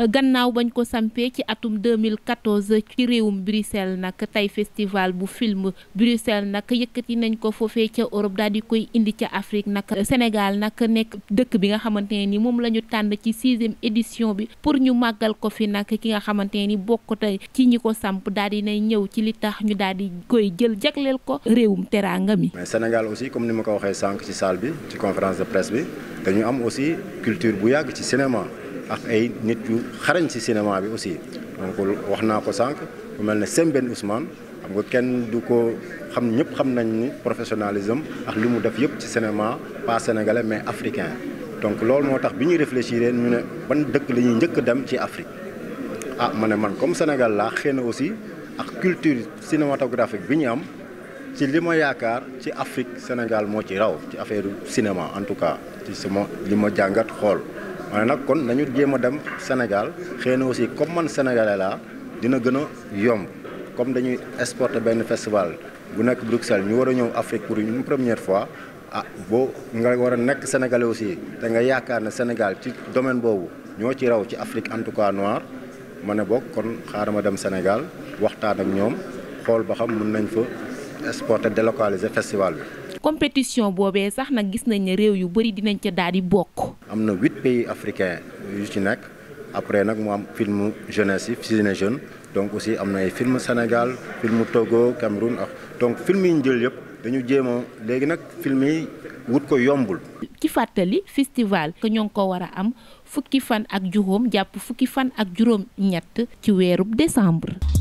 Euh, gannaaw bañ ko sampee ci atum 2014 ci réewum Bruxelles nag tey festival bu film Bruxelles nag yëkkati nañ ko foofee ca Europe daal di koy indi ca Afrique nag Sénégal nag nekk dëkk bi nga xamante ne ni moom la ñu tànn ci sixième édition bi pour ñu màggal ko fi nag ki nga xamante ni bokk tey ci ñi ko samp daal di nay ñëw ci li tax ñu daal di koy jël jagleel ko réewum teraanga mi. mais Sénégal aussi comme ni ma ko waxee sànq ci salle bi ci conférence de presse bi dañu am aussi culture bu yàgg ci cinéma. ak ay nit yu xarañ si cinéma bi aussi donc wax naa ko sànq bu mel ne Sembène Ousmane xam nga kenn du ko xam ñëpp xam nañ ni professionnalisme ak li mu def yëpp ci cinéma pas sénégalais mais africain donc loolu moo tax bi ñuy réfléchir ñu ne ban dëkk lañuy ñuy njëkk dem ci Afrique ah ma ne man comme Sénégal laa xëy na aussi ak culture cinématographique bi ñu am ci li ma yaakaar ci Afrique Sénégal moo ci raw ci affaire cinéma en tout cas ci sama li ma jàngat xool ma nag kon nañu jéem a dem Sénégal xëy na aussi comme man sénégalais laa dina gën a yomb comme dañuy exporter benn festival bu nekk Bruxelles ñu war a ñëw Afrique pour une première fois ah boo nga war a nekk sénégalais aussi te nga yaakaar ne Sénégal ci domaine boobu ñoo ci raw ci Afrique en tout cas noir ma ne bokk kon xaaral ma dem Sénégal waxtaan ak ñoom xool ba xam mën nañ fa exporter délocaliser festival bi. compétition boobee sax nag gis nañ ne réew yu bëri dinañ ca daal di bokk. am na huit pays africains yu ci nekk après nag mu am film jeunesse yi ciné jeune donc aussi am na ay film Sénégal film Togo Cameroun donc film yi ñu jël yëpp dañu jéem a léegi nag film yi wut ko yombul. ci fàttali festival que ñoo ngi ko war a am fukki fan ak juróom jàpp fukki fan ak juróom ñett ci weerub décembre.